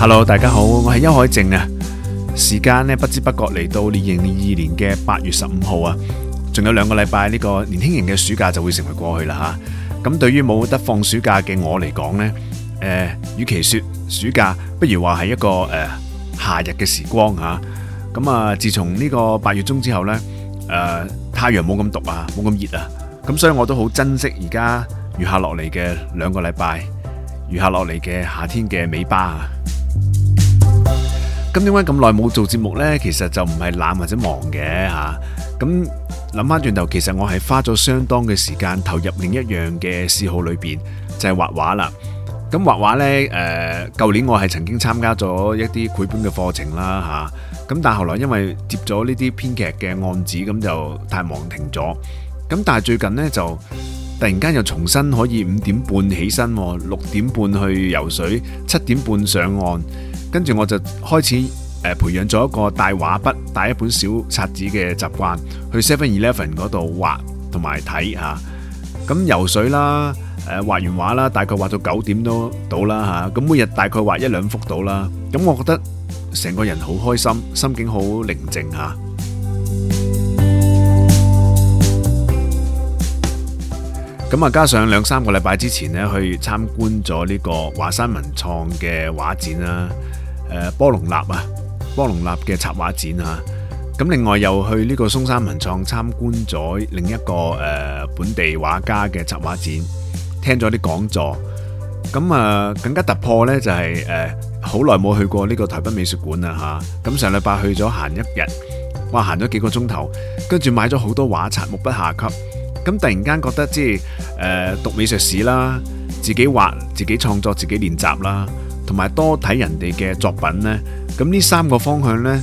Hello，大家好，我係邱海靖啊。時間呢，不知不覺嚟到二零二二年嘅八月十五號啊，仲有兩個禮拜呢個年輕人嘅暑假就會成為過去啦吓、啊。咁對於冇得放暑假嘅我嚟講呢，誒、呃，與其說暑假，不如話係一個誒、呃、夏日嘅時光吓。咁啊，呃、自從呢個八月中之後呢，誒、呃，太陽冇咁毒啊，冇咁熱啊，咁所以我都好珍惜而家餘下落嚟嘅兩個禮拜，餘下落嚟嘅夏天嘅尾巴啊。咁點解咁耐冇做節目呢？其實就唔係懶或者忙嘅吓。咁諗翻轉頭，其實我係花咗相當嘅時間投入另一樣嘅嗜好裏邊，就係畫畫啦。咁畫畫呢，誒，舊年我係曾經參加咗一啲繪本嘅課程啦吓。咁但係後來因為接咗呢啲編劇嘅案子，咁就太忙停咗。咁但係最近呢，就突然間又重新可以五點半起身，六點半去游水，七點半上岸。跟住我就開始誒培養咗一個帶畫筆帶一本小冊子嘅習慣，去 Seven Eleven 嗰度畫同埋睇吓。咁、啊、游水啦，誒、啊、畫完畫啦，大概畫到九點都到啦吓。咁、啊啊、每日大概畫一兩幅到啦。咁、啊、我覺得成個人好開心，心境好寧靜吓。啊咁啊，加上兩三個禮拜之前呢，去參觀咗呢個華山文創嘅畫展啦，誒、呃，波隆納啊，波隆納嘅插畫展啊，咁另外又去呢個松山文創參觀咗另一個誒、呃、本地畫家嘅插畫展，聽咗啲講座，咁啊，更加突破呢就係、是、誒，好耐冇去過呢個台北美術館啊吓，咁上禮拜去咗行一日，話行咗幾個鐘頭，跟住買咗好多畫冊、目不暇給。咁突然間覺得即係誒讀美術史啦，自己畫自己創作自己練習啦，同埋多睇人哋嘅作品呢。咁呢三個方向呢，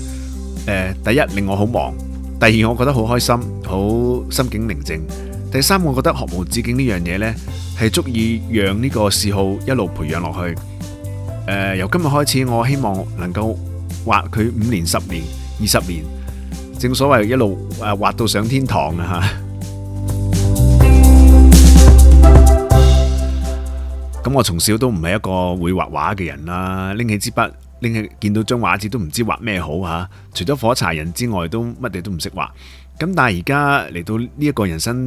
呃，第一令我好忙，第二我覺得好開心，好心境寧靜。第三我覺得學無止境呢樣嘢呢，係足以讓呢個嗜好一路培養落去，呃。由今日開始，我希望能夠畫佢五年、十年、二十年。正所謂一路誒畫，啊，到上天堂啊吓！咁我從小都唔係一個會畫畫嘅人啦，拎起支筆，拎起見到張畫紙都唔知畫咩好吓，啊。除咗火柴人之外，都乜嘢都唔識畫。咁但係而家嚟到呢一個人生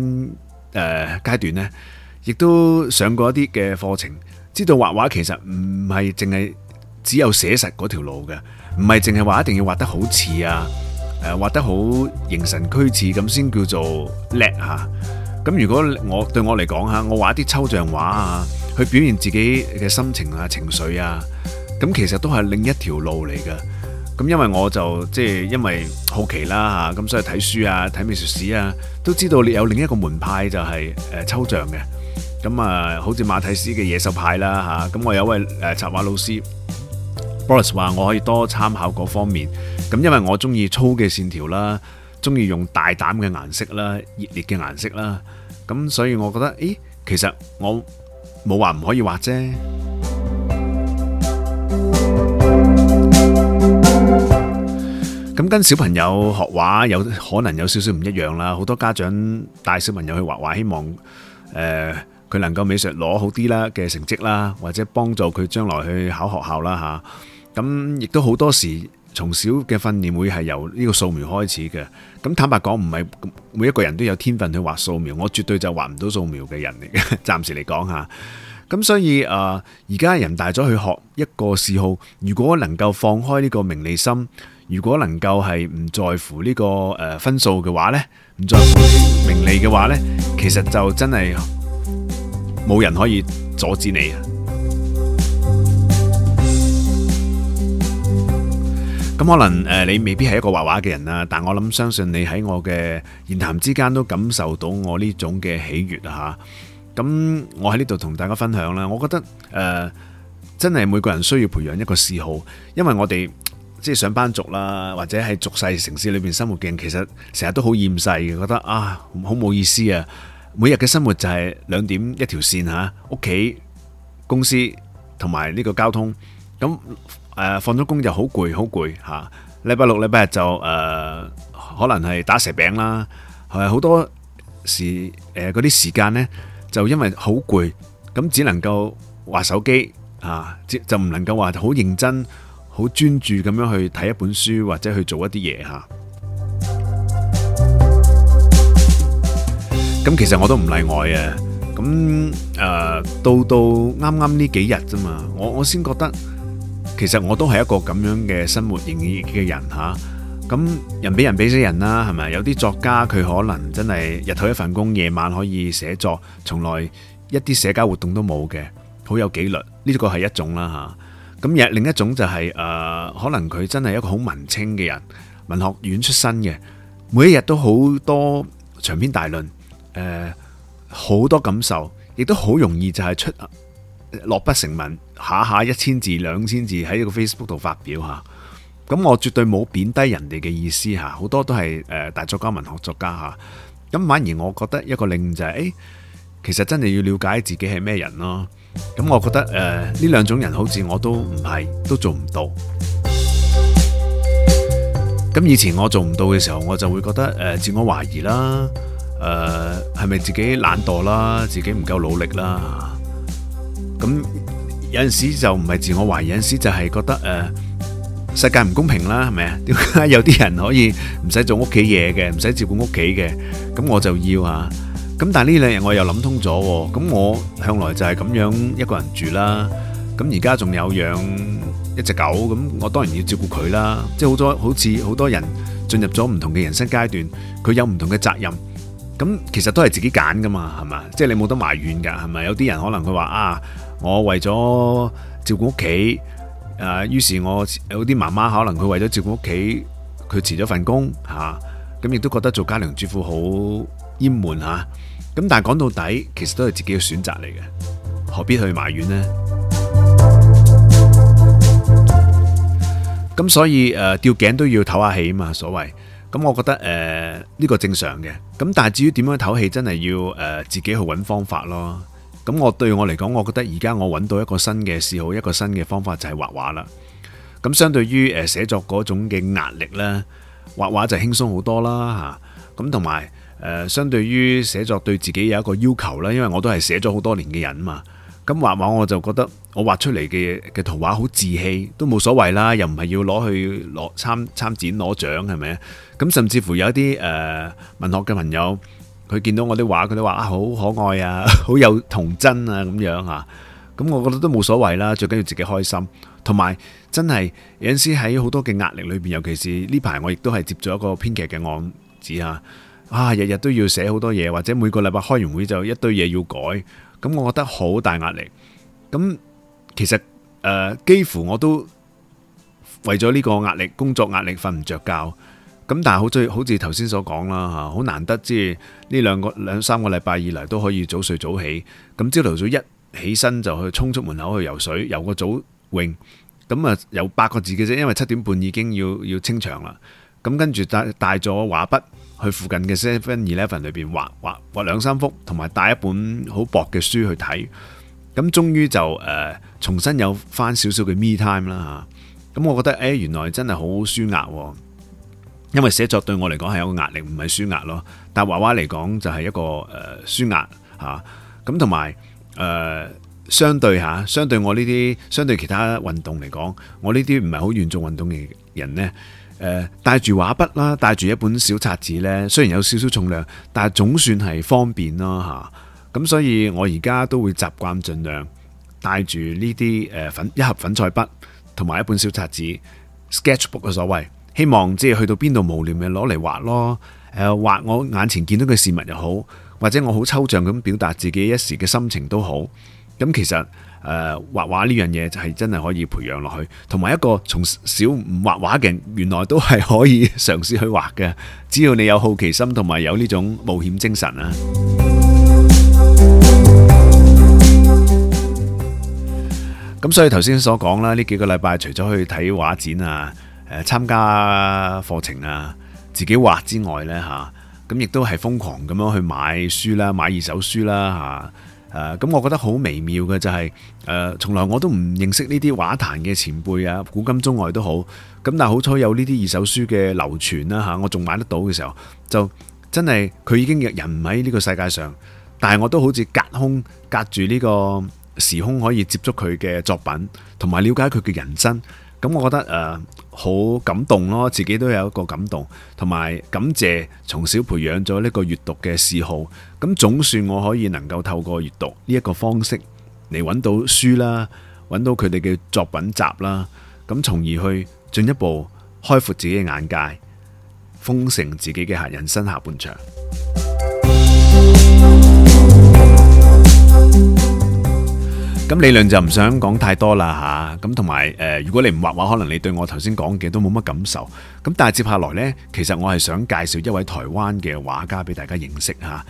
誒階、呃、段呢，亦都上過一啲嘅課程，知道畫畫其實唔係淨係只有寫實嗰條路嘅，唔係淨係話一定要畫得好似啊，誒、呃、畫得好形神俱似咁先叫做叻吓。啊咁如果我對我嚟講嚇，我畫啲抽象畫啊，去表現自己嘅心情啊、情緒啊，咁其實都係另一條路嚟嘅。咁因為我就即係因為好奇啦嚇，咁所以睇書啊、睇美術史啊，都知道你有另一個門派就係誒抽象嘅。咁啊，好似馬蒂斯嘅野獸派啦嚇，咁我有位誒插畫老師，Boris 話我可以多參考嗰方面。咁因為我中意粗嘅線條啦。中意用大膽嘅顏色啦，熱烈嘅顏色啦，咁所以我覺得，誒，其實我冇話唔可以畫啫。咁、嗯、跟小朋友學畫，有可能有少少唔一樣啦。好多家長帶小朋友去畫畫，希望誒佢、呃、能夠美術攞好啲啦嘅成績啦，或者幫助佢將來去考學校啦吓。咁亦都好多時。從小嘅訓練會係由呢個素描開始嘅，咁坦白講，唔係每一個人都有天分去畫素描，我絕對就畫唔到素描嘅人嚟嘅，暫時嚟講吓。咁所以誒而家人大咗去學一個嗜好，如果能夠放開呢個名利心，如果能夠係唔在乎呢個誒分數嘅話呢，唔在乎名利嘅話呢，其實就真係冇人可以阻止你。咁可能誒你未必係一個畫畫嘅人啦，但我諗相信你喺我嘅言談之間都感受到我呢種嘅喜悅嚇。咁我喺呢度同大家分享啦，我覺得誒、呃、真係每個人需要培養一個嗜好，因為我哋即係上班族啦，或者係俗世城市裏邊生活嘅人，其實成日都好厭世，覺得啊好冇意思啊！每日嘅生活就係兩點一條線嚇，屋企、公司同埋呢個交通咁。誒，放咗工就好攰，好攰吓。禮拜六、禮拜日就誒，可能係打蛇餅啦，係好多時誒嗰啲時間呢，就因為好攰，咁只能夠玩手機吓，就就唔能夠話好認真、好專注咁樣去睇一本書或者去做一啲嘢吓。咁其實我都唔例外呀，咁誒到到啱啱呢幾日啫嘛，我我先覺得。其實我都係一個咁樣嘅生活型嘅人嚇，咁人比人比死人啦，係咪？有啲作家佢可能真係日頭一份工，夜晚可以寫作，從來一啲社交活動都冇嘅，好有紀律。呢、這個係一種啦嚇。咁另一種就係、是、誒、呃，可能佢真係一個好文青嘅人，文學院出身嘅，每一日都好多長篇大論，誒、呃、好多感受，亦都好容易就係出。落筆成文，下下一千字、兩千字喺個 Facebook 度發表下，咁我絕對冇貶低人哋嘅意思吓，好多都係誒、呃、大作家、文學作家吓，咁、啊、反而我覺得一個領悟就係、是，誒、哎、其實真係要了解自己係咩人咯，咁我覺得誒呢、呃、兩種人好似我都唔係，都做唔到。咁以前我做唔到嘅時候，我就會覺得誒、呃、自我懷疑啦，誒係咪自己懶惰啦，自己唔夠努力啦。咁有陣時就唔係自我懷疑，有陣時就係覺得誒世界唔公平啦，係咪啊？點解有啲人可以唔使做屋企嘢嘅，唔使照顧屋企嘅？咁我就要啊。咁但係呢兩日我又諗通咗。咁我向來就係咁樣一個人住啦。咁而家仲有養一隻狗，咁我當然要照顧佢啦。即係好多好似好多人進入咗唔同嘅人生階段，佢有唔同嘅責任。咁其實都係自己揀噶嘛，係咪啊？即係你冇得埋怨㗎，係咪？有啲人可能佢話啊～我為咗照顧屋企，誒，於是我有啲媽媽可能佢為咗照顧屋企，佢辭咗份工吓，咁亦都覺得做家庭主婦好厭悶吓，咁但係講到底，其實都係自己嘅選擇嚟嘅，何必去埋怨呢？咁所以誒、呃，吊頸都要唞下氣啊嘛，所謂，咁我覺得誒呢、呃這個正常嘅，咁但係至於點樣唞氣，真係要誒、呃、自己去揾方法咯。咁我對我嚟講，我覺得而家我揾到一個新嘅嗜好，一個新嘅方法就係畫畫啦。咁相對於誒寫作嗰種嘅壓力咧，畫畫就輕鬆好多啦吓。咁同埋誒，相對於寫作對自己有一個要求啦，因為我都係寫咗好多年嘅人嘛。咁畫畫我就覺得我畫出嚟嘅嘅圖畫好稚氣，都冇所謂啦，又唔係要攞去攞參參展攞獎，係咪啊？咁甚至乎有啲誒、呃、文學嘅朋友。佢見到我啲畫，佢都話啊，好可愛啊，好有童真啊咁樣啊，咁我覺得都冇所謂啦，最緊要自己開心。同埋真係有陣時喺好多嘅壓力裏邊，尤其是呢排我亦都係接咗一個編劇嘅案子啊，啊日日都要寫好多嘢，或者每個禮拜開完會就一堆嘢要改，咁我覺得好大壓力。咁其實誒幾乎我都為咗呢個壓力，工作壓力瞓唔着覺。咁但係好似好似頭先所講啦嚇，好難得即係呢兩個兩三個禮拜以嚟都可以早睡早起，咁朝頭早一起身就去衝出門口去游水，游個早泳，咁啊有八個字嘅啫，因為七點半已經要要清場啦。咁跟住帶帶咗畫筆去附近嘅 Seven Eleven 裏面畫畫畫兩三幅，同埋帶一本好薄嘅書去睇，咁終於就、呃、重新有翻少少嘅 me time 啦嚇。咁我覺得誒、哎、原來真係好舒壓、啊。因為寫作對我嚟講係有個壓力，唔係舒壓咯。但係畫畫嚟講就係一個誒舒壓嚇。咁同埋誒相對嚇，相對我呢啲相對其他運動嚟講，我呢啲唔係好嚴重運動嘅人呢，誒帶住畫筆啦，帶住一本小冊子呢，雖然有少少重量，但係總算係方便咯嚇。咁、啊啊、所以，我而家都會習慣盡量帶住呢啲誒粉一盒粉彩筆，同埋一本小冊子 sketchbook 嘅所謂。希望即係去到邊度無聊咪攞嚟畫咯，誒，畫我眼前見到嘅事物又好，或者我好抽象咁表達自己一時嘅心情都好。咁其實誒畫畫呢樣嘢就係真係可以培養落去，同埋一個從小唔畫畫嘅人，原來都係可以嘗試去畫嘅，只要你有好奇心同埋有呢種冒險精神啊！咁 所以頭先所講啦，呢幾個禮拜除咗去睇畫展啊。誒參加課程啊，自己畫之外呢，嚇，咁亦都係瘋狂咁樣去買書啦，買二手書啦嚇。咁、啊，我覺得好微妙嘅就係、是、誒、呃，從來我都唔認識呢啲畫壇嘅前輩啊，古今中外都好。咁但係好彩有呢啲二手書嘅流傳啦嚇、啊，我仲買得到嘅時候，就真係佢已經人唔喺呢個世界上，但係我都好似隔空隔住呢個時空可以接觸佢嘅作品，同埋了解佢嘅人生。咁我覺得誒。呃好感動咯，自己都有一個感動同埋感謝，從小培養咗呢個閱讀嘅嗜好。咁總算我可以能夠透過閱讀呢一個方式嚟揾到書啦，揾到佢哋嘅作品集啦，咁從而去進一步開闊自己嘅眼界，豐盛自己嘅下人生下半場。理論就唔想講太多啦嚇，咁同埋誒，如果你唔畫畫，可能你對我頭先講嘅都冇乜感受。咁但係接下來咧，其實我係想介紹一位台灣嘅畫家俾大家認識嚇。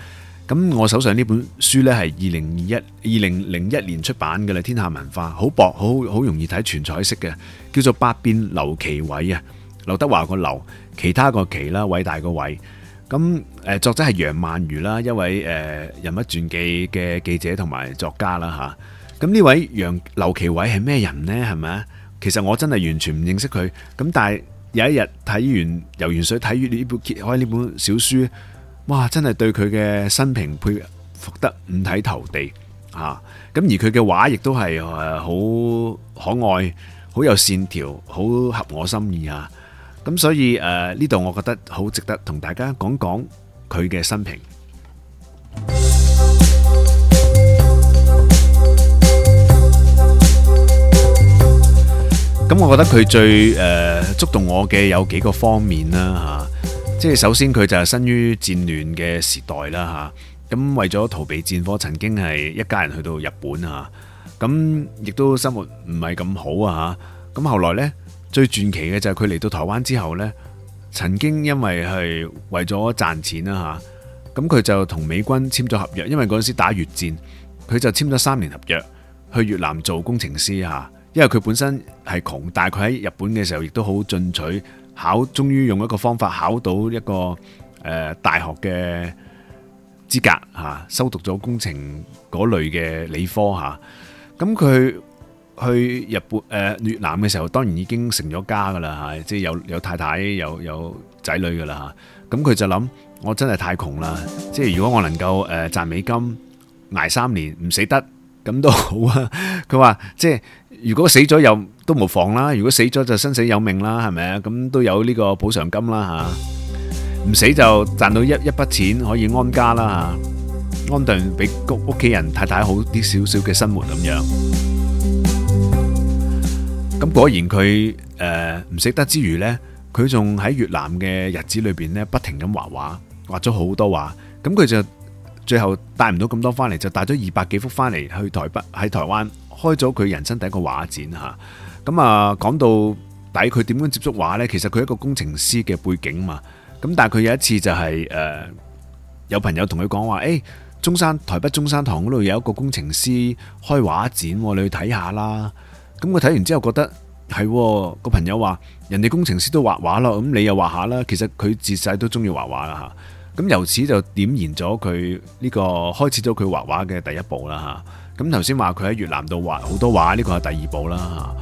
咁我手上呢本書咧係二零一二零零一年出版嘅啦，天下文化，好薄，好好容易睇，全彩色嘅，叫做《百變劉其偉》啊，劉德華個劉，其他個其啦，偉大個偉。咁誒，作者係楊孟瑜啦，一位誒人物傳記嘅記者同埋作家啦嚇。咁呢位楊劉其偉係咩人呢？係咪？其實我真係完全唔認識佢。咁但係有一日睇完游完水睇完呢本揭開呢本小書，哇！真係對佢嘅生平佩服得五體投地啊！咁而佢嘅畫亦都係誒好可愛，好有線條，好合我心意啊！咁所以誒呢度我覺得好值得同大家講講佢嘅生平。咁我覺得佢最誒、呃、觸動我嘅有幾個方面啦嚇、啊，即係首先佢就係生於戰亂嘅時代啦吓，咁、啊、為咗逃避戰火，曾經係一家人去到日本嚇，咁、啊、亦都生活唔係咁好啊嚇，咁後來呢最傳奇嘅就係佢嚟到台灣之後呢，曾經因為係為咗賺錢啦嚇，咁、啊、佢就同美軍簽咗合約，因為嗰陣時打越戰，佢就簽咗三年合約去越南做工程師嚇。啊因為佢本身係窮，但係佢喺日本嘅時候亦都好進取，考終於用一個方法考到一個誒、呃、大學嘅資格嚇、啊，修讀咗工程嗰類嘅理科嚇。咁、啊、佢去日本誒、呃、越南嘅時候，當然已經成咗家㗎喇嚇，即係有有太太有有仔女㗎喇嚇。咁、啊、佢就諗，我真係太窮啦，即係如果我能夠誒賺、呃、美金捱三年唔死得。咁都好啊！佢話即係如果死咗又都無妨啦，如果死咗就生死有命啦，係咪啊？咁都有呢個補償金啦吓，唔死就賺到一一筆錢可以安家啦，吓，安頓俾屋屋企人太太好啲少少嘅生活咁樣。咁果然佢誒唔識得之餘呢，佢仲喺越南嘅日子裏邊呢，不停咁畫畫，畫咗好多畫。咁佢就。最後帶唔到咁多翻嚟，就帶咗二百幾幅翻嚟去台北，喺台灣開咗佢人生第一個畫展吓。咁啊講到底佢點樣接觸畫呢？其實佢係一個工程師嘅背景嘛。咁但係佢有一次就係、是、誒、呃、有朋友同佢講話，誒、哎，中山台北中山堂嗰度有一個工程師開畫展，你去睇下啦。咁佢睇完之後覺得係個、哦、朋友話人哋工程師都畫畫咯，咁你又畫下啦。其實佢自細都中意畫畫啦吓。咁由此就點燃咗佢呢個開始咗佢畫畫嘅第一步啦嚇。咁頭先話佢喺越南度畫好多畫，呢個係第二步啦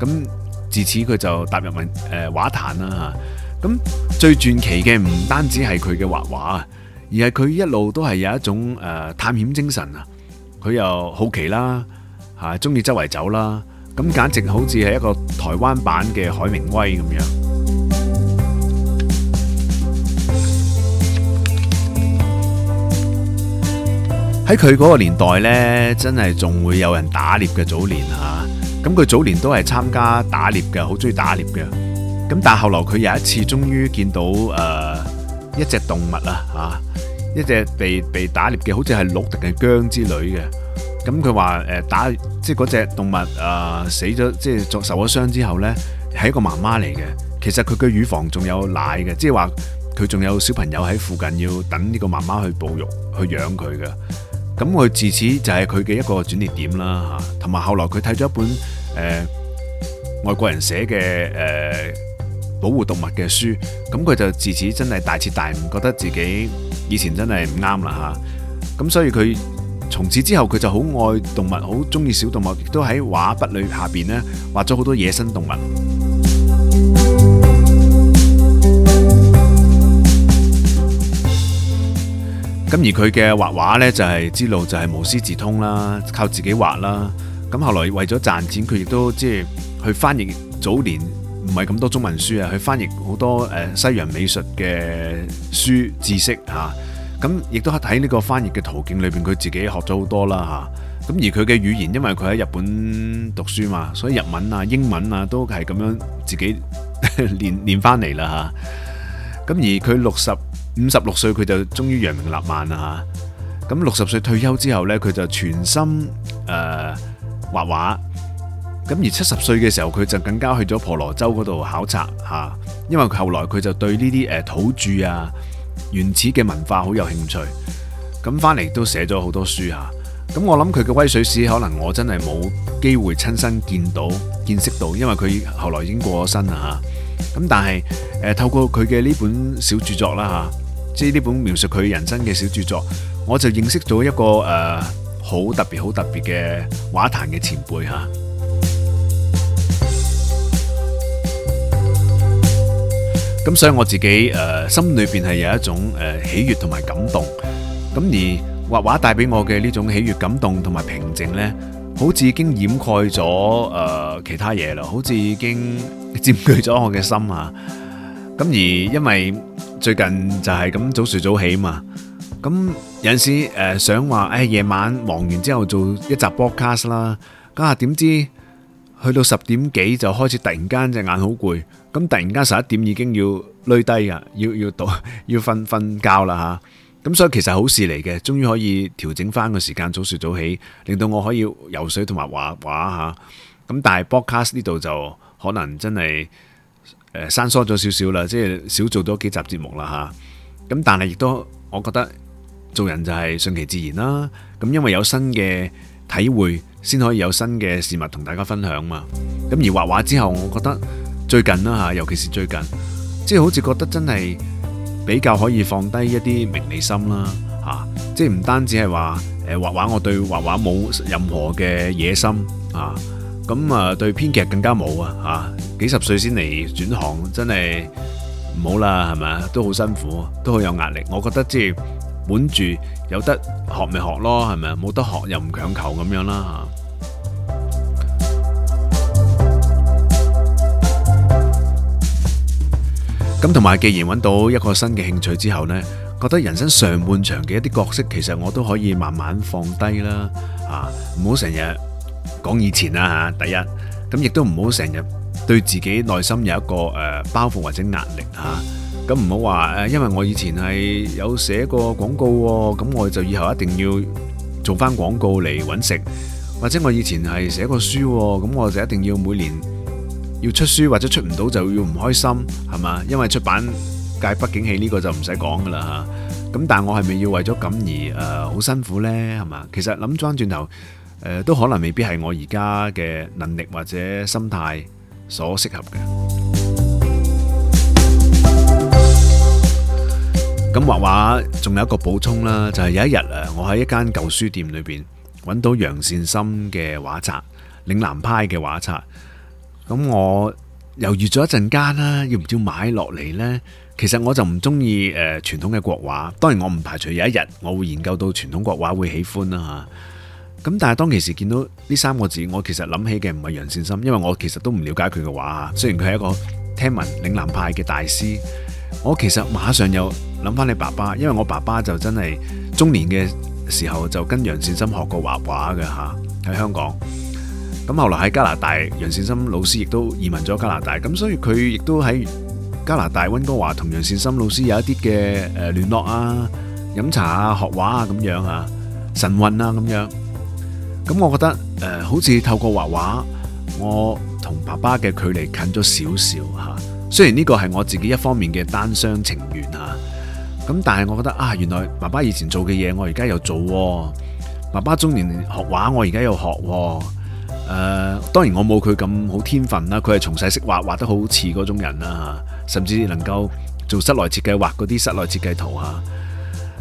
嚇。咁自此佢就踏入文誒、呃、畫壇啦嚇。咁最傳奇嘅唔單止係佢嘅畫畫，而係佢一路都係有一種誒、呃、探險精神啊。佢又好奇啦，嚇中意周圍走啦。咁簡直好似係一個台灣版嘅海明威咁樣。喺佢嗰個年代呢，真係仲會有人打獵嘅。早年吓，咁，佢早年都係參加打獵嘅，好中意打獵嘅。咁但後嚟佢有一次終於見到誒、呃、一隻動物啊吓，一隻被被打獵嘅，好似係鹿定係姜之類嘅。咁佢話誒打即係嗰隻動物啊，呃、死咗，即係作受咗傷之後呢，係一個媽媽嚟嘅。其實佢嘅乳房仲有奶嘅，即係話佢仲有小朋友喺附近要等呢個媽媽去哺乳去養佢嘅。咁佢自此就係佢嘅一個轉折點啦，吓，同埋後來佢睇咗一本誒、呃、外國人寫嘅誒保護動物嘅書，咁佢就自此真係大徹大悟，覺得自己以前真係唔啱啦吓，咁所以佢從此之後佢就好愛動物，好中意小動物，亦都喺畫筆裏下邊呢畫咗好多野生動物。咁而佢嘅畫畫呢、就是，就係之路就係無師自通啦，靠自己畫啦。咁後來為咗賺錢，佢亦都即係去翻譯早年唔係咁多中文書啊，去翻譯好多誒西洋美術嘅書知識嚇。咁、啊、亦都喺睇呢個翻譯嘅途徑裏邊，佢自己學咗好多啦嚇。咁、啊、而佢嘅語言，因為佢喺日本讀書嘛，所以日文啊、英文啊都係咁樣自己練練翻嚟啦嚇。咁、啊、而佢六十。五十六歲佢就終於揚名立萬啊！咁六十歲退休之後呢，佢就全心誒、呃、畫畫。咁而七十歲嘅時候，佢就更加去咗婆羅洲嗰度考察嚇、啊，因為後來佢就對呢啲誒土著啊、原始嘅文化好有興趣。咁翻嚟都寫咗好多書嚇。咁、啊、我諗佢嘅《威水史》可能我真係冇機會親身見到、見識到，因為佢後來已經過咗身啦嚇。咁、啊、但係誒、啊、透過佢嘅呢本小著作啦嚇。啊即係呢本描述佢人生嘅小著作，我就認識咗一個誒好、呃、特別、好特別嘅畫壇嘅前輩吓。咁所以我自己誒、呃、心裏邊係有一種誒、呃、喜悅同埋感動。咁而畫畫帶俾我嘅呢種喜悅、感動同埋平靜呢，好似已經掩蓋咗誒、呃、其他嘢咯，好似已經佔據咗我嘅心啊。咁而因為最近就係咁早睡早起嘛，咁有陣時誒想話誒夜晚忙完之後做一集 broadcast 啦，家下點知去到十點幾就開始突然間隻眼好攰，咁突然間十一點已經要攣低噶，要要到要瞓瞓覺啦吓，咁所以其實好事嚟嘅，終於可以調整翻個時間早睡早起，令到我可以游水同埋畫畫吓，咁但係 broadcast 呢度就可能真係。誒，收縮咗少少啦，即係少做多幾集節目啦嚇。咁但係亦都，我覺得做人就係順其自然啦。咁因為有新嘅體會，先可以有新嘅事物同大家分享嘛。咁而畫畫之後，我覺得最近啦嚇，尤其是最近，即係好似覺得真係比較可以放低一啲名利心啦嚇。即係唔單止係話，誒畫畫，我對畫畫冇任何嘅野心啊。咁啊，對編劇更加冇啊，吓，幾十歲先嚟轉行，真係唔好啦，係咪啊？都好辛苦，都好有壓力。我覺得即係滿住有得學咪學咯，係咪啊？冇得學又唔強求咁樣啦，吓。咁同埋，既然揾到一個新嘅興趣之後呢，覺得人生上半場嘅一啲角色，其實我都可以慢慢放低啦，啊，唔好成日。講以前啦，吓，第一咁，亦都唔好成日對自己內心有一個誒包袱或者壓力吓，咁唔好話誒，因為我以前係有寫過廣告，咁我就以後一定要做翻廣告嚟搵食，或者我以前係寫過書，咁我就一定要每年要出書，或者出唔到就要唔開心，係嘛？因為出版界不景氣呢個就唔使講噶啦吓，咁但係我係咪要為咗咁而誒好辛苦呢？係嘛？其實諗翻轉頭。都可能未必係我而家嘅能力或者心態所適合嘅。咁畫畫仲有一個補充啦，就係有一日啊，我喺一間舊書店裏邊揾到楊善深嘅畫冊、嶺南派嘅畫冊。咁我猶豫咗一陣間啦，要唔要買落嚟呢？其實我就唔中意誒傳統嘅國畫。當然我唔排除有一日我會研究到傳統國畫會喜歡啦嚇。咁但係當其時見到呢三個字，我其實諗起嘅唔係楊善深，因為我其實都唔了解佢嘅畫啊。雖然佢係一個聽聞嶺南派嘅大師，我其實馬上又諗翻你爸爸，因為我爸爸就真係中年嘅時候就跟楊善深學過畫畫嘅吓，喺香港。咁後來喺加拿大，楊善深老師亦都移民咗加拿大，咁所以佢亦都喺加拿大溫哥華同楊善深老師有一啲嘅誒聯絡啊，飲茶啊，學畫啊咁樣啊，晨運啊咁樣。咁我覺得誒、呃，好似透過畫畫，我同爸爸嘅距離近咗少少吓。雖然呢個係我自己一方面嘅單相情願咁、啊、但係我覺得啊，原來爸爸以前做嘅嘢，我而家又做、啊。爸爸中年學畫，我而家又學。誒、啊，當然我冇佢咁好天分啦，佢係從細識畫，畫得好似嗰種人啦吓、啊，甚至能夠做室內設計畫，畫嗰啲室內設計圖吓。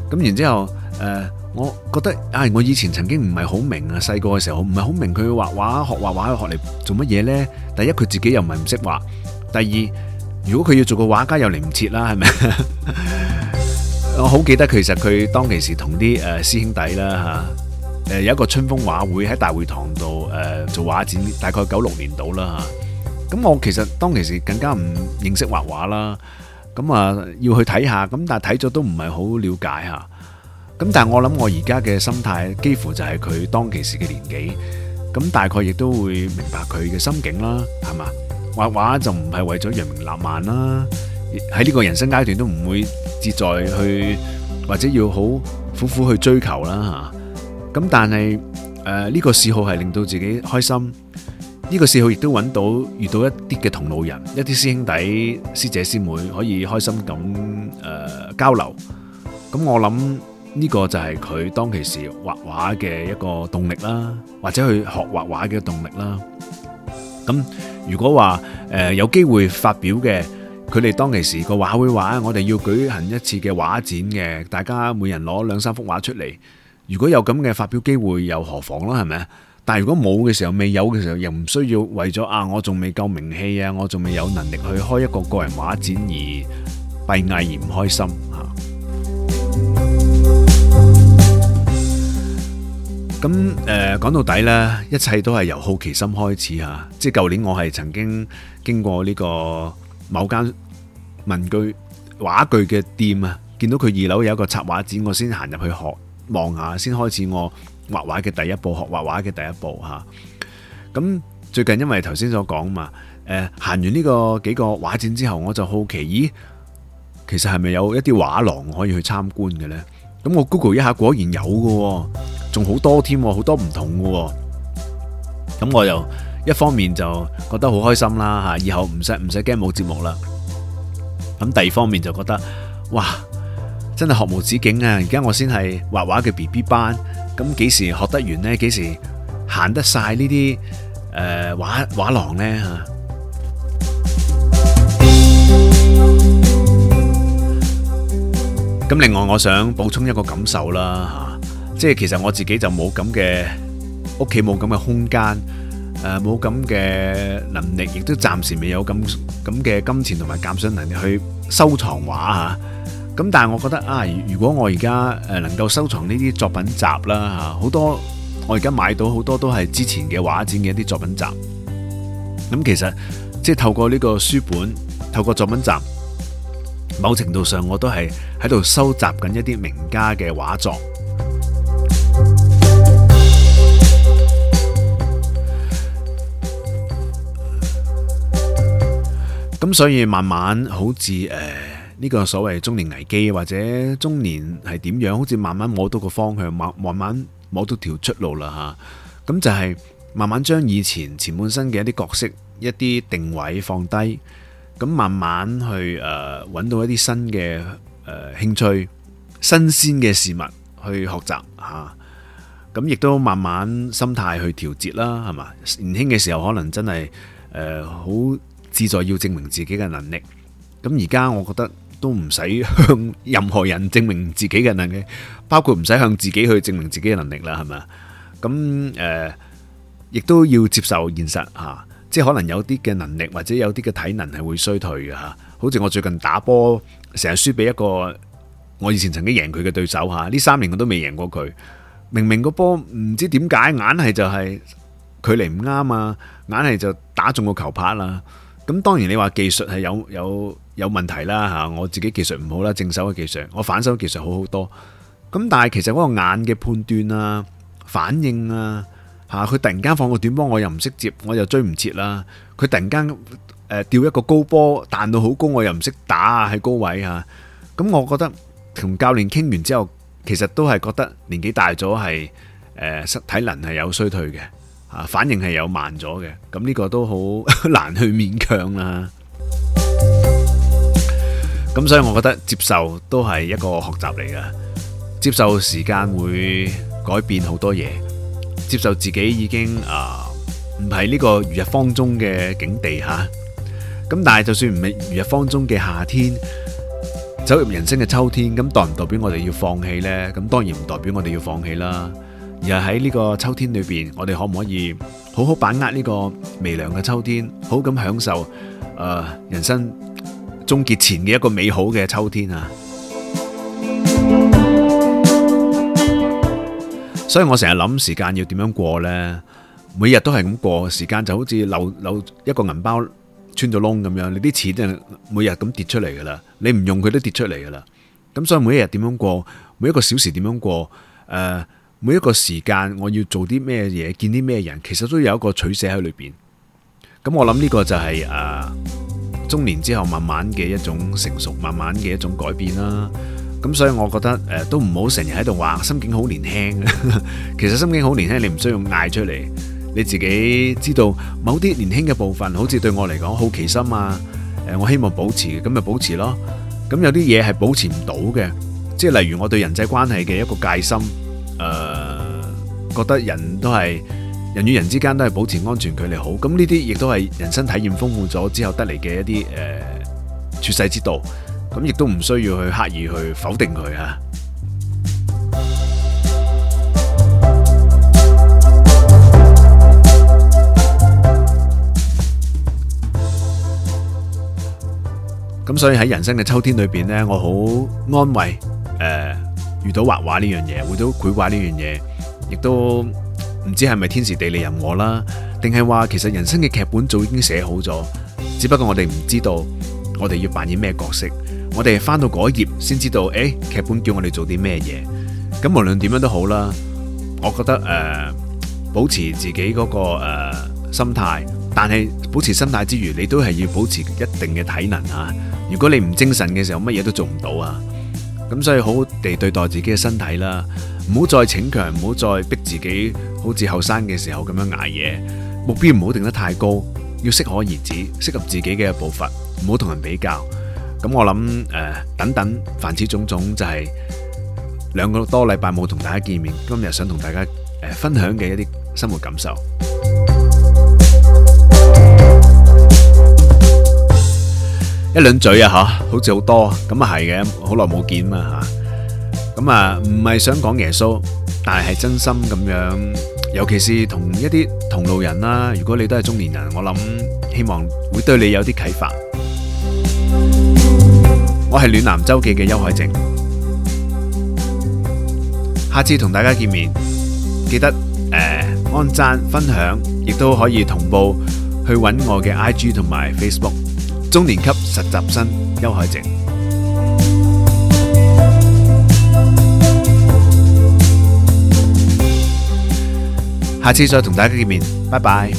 咁、啊、然之後誒。啊我覺得，唉、哎，我以前曾經唔係好明啊，細個嘅時候唔係好明佢畫畫學畫畫學嚟做乜嘢呢？第一佢自己又唔係唔識畫，第二如果佢要做個畫家又嚟唔切啦，係咪？ 我好記得其實佢當其時同啲誒師兄弟啦吓，有一個春風畫會喺大會堂度誒、呃、做畫展，大概九六年到啦吓。咁我其實當其時更加唔認識畫畫啦，咁啊要去睇下，咁但係睇咗都唔係好了解吓。咁，但係我諗，我而家嘅心態幾乎就係佢當其時嘅年紀，咁大概亦都會明白佢嘅心境啦，係嘛？畫畫就唔係為咗揚名立萬啦，喺呢個人生階段都唔會志在去或者要好苦苦去追求啦吓。咁但係誒呢個嗜好係令到自己開心，呢個嗜好亦都揾到遇到一啲嘅同路人，一啲師兄弟、師姐、師妹可以開心咁誒交流。咁我諗。呢個就係佢當其時畫畫嘅一個動力啦，或者去學畫畫嘅動力啦。咁如果話誒、呃、有機會發表嘅，佢哋當其時個畫會話，我哋要舉行一次嘅畫展嘅，大家每人攞兩三幅畫出嚟。如果有咁嘅發表機會，又何妨啦？係咪？但係如果冇嘅時候，未有嘅時候，又唔需要為咗啊我仲未夠名氣啊，我仲未有能力去開一個個人畫展而閉翳而唔開心啊！咁誒，講、呃、到底呢，一切都係由好奇心開始吓。即係舊年我係曾經經過呢個某間文具畫具嘅店啊，見到佢二樓有一個插畫展，我先行入去學望下，先開始我畫畫嘅第一步，學畫畫嘅第一步吓。咁、啊、最近因為頭先所講嘛，誒、呃，行完呢個幾個畫展之後，我就好奇，咦，其實係咪有一啲畫廊可以去參觀嘅呢？咁我 Google 一下，果然有嘅，仲好多添，好多唔同嘅。咁我又一方面就覺得好開心啦，吓，以後唔使唔使驚冇節目啦。咁第二一方面就覺得哇，真係學無止境啊！而家我先係畫畫嘅 BB 班，咁幾時學得完呢？幾時行得晒呢啲誒畫畫廊呢？吓？咁另外，我想補充一個感受啦，吓，即係其實我自己就冇咁嘅屋企，冇咁嘅空間，誒，冇咁嘅能力，亦都暫時未有咁咁嘅金錢同埋鑒賞能力去收藏畫啊。咁但係我覺得啊，如果我而家誒能夠收藏呢啲作品集啦，吓，好多我而家買到好多都係之前嘅畫展嘅一啲作品集。咁其實即係透過呢個書本，透過作品集。某程度上，我都係喺度收集緊一啲名家嘅畫作，咁所以慢慢好似誒呢個所謂中年危機或者中年係點樣，好似慢慢摸到個方向，慢慢摸到條出路啦吓。咁就係慢慢將以前前半生嘅一啲角色、一啲定位放低。咁慢慢去誒，揾到一啲新嘅誒興趣、新鮮嘅事物去學習吓，咁亦都慢慢心態去調節啦，係嘛？年輕嘅時候可能真係誒好志在要證明自己嘅能力，咁而家我覺得都唔使向任何人證明自己嘅能力，包括唔使向自己去證明自己嘅能力啦，係咪？咁誒，亦都要接受現實吓。即係可能有啲嘅能力或者有啲嘅體能係會衰退嘅吓，好似我最近打波成日輸俾一個我以前曾經贏佢嘅對手吓，呢三年我都未贏過佢。明明個波唔知點解硬係就係距離唔啱啊，硬係就打中個球拍啦。咁當然你話技術係有有有問題啦吓，我自己技術唔好啦，正手嘅技術，我反手嘅技術好好多。咁但係其實嗰個眼嘅判斷啊、反應啊。嚇！佢突然間放個短波，我又唔識接，我又追唔切啦。佢突然間誒吊一個高波，彈到好高，我又唔識打喺高位嚇。咁我覺得同教練傾完之後，其實都係覺得年紀大咗係誒身體能係有衰退嘅嚇，反應係有慢咗嘅。咁呢個都好難去勉強啦。咁所以，我覺得接受都係一個學習嚟嘅，接受時間會改變好多嘢。接受自己已經啊，唔係呢個如日方中嘅境地吓，咁但係就算唔係如日方中嘅夏天，走入人生嘅秋天，咁代唔代表我哋要放棄呢？咁當然唔代表我哋要放棄啦，而係喺呢個秋天裏邊，我哋可唔可以好好把握呢個微涼嘅秋天，好好咁享受誒人生終結前嘅一個美好嘅秋天啊！所以我成日諗時間要點樣過呢？每日都係咁過，時間就好似漏漏一個銀包穿咗窿咁樣，你啲錢就每日咁跌出嚟噶啦，你唔用佢都跌出嚟噶啦。咁所以每一日點樣過，每一個小時點樣過，誒、呃，每一個時間我要做啲咩嘢，見啲咩人，其實都有一個取捨喺裏邊。咁我諗呢個就係、是、誒、呃、中年之後慢慢嘅一種成熟，慢慢嘅一種改變啦。咁所以我覺得誒，都唔好成日喺度話心境好年輕。其實心境好年輕，你唔需要嗌出嚟，你自己知道某啲年輕嘅部分，好似對我嚟講，好奇心啊，誒，我希望保持嘅，咁咪保持咯。咁有啲嘢係保持唔到嘅，即係例如我對人際關係嘅一個戒心，誒，覺得人都係人與人之間都係保持安全距離好。咁呢啲亦都係人生體驗豐富咗之後得嚟嘅一啲誒處世之道。咁亦都唔需要去刻意去否定佢啊。咁所以喺人生嘅秋天裏邊呢，我好安慰，呃、遇到畫畫呢樣嘢，遇到繪畫呢樣嘢，亦都唔知係咪天時地利人和啦，定係話其實人生嘅劇本早已經寫好咗，只不過我哋唔知道我哋要扮演咩角色。我哋翻到嗰一頁先知道，誒、欸，劇本叫我哋做啲咩嘢？咁無論點樣都好啦，我覺得誒、呃，保持自己嗰、那個誒、呃、心態，但係保持心態之餘，你都係要保持一定嘅體能吓。如果你唔精神嘅時候，乜嘢都做唔到啊。咁所以好好地對待自己嘅身體啦，唔好再逞強，唔好再逼自己好似後生嘅時候咁樣挨嘢。目標唔好定得太高，要適可而止，適合自己嘅步伐，唔好同人比較。咁我諗誒、呃，等等凡此種種，就係、是、兩個多禮拜冇同大家見面，今日想同大家誒分享嘅一啲生活感受。 一輪嘴啊，吓好似好多，咁啊係嘅，好耐冇見嘛吓。咁啊，唔係想講耶穌，但係係真心咁樣，尤其是同一啲同路人啦。如果你都係中年人，我諗希望會對你有啲啟發。我係《暖南周記》嘅邱海靖，下次同大家見面記得誒、呃，按讚分享，亦都可以同步去揾我嘅 I G 同埋 Facebook。中年級實習生邱海靖，下次再同大家見面，拜拜。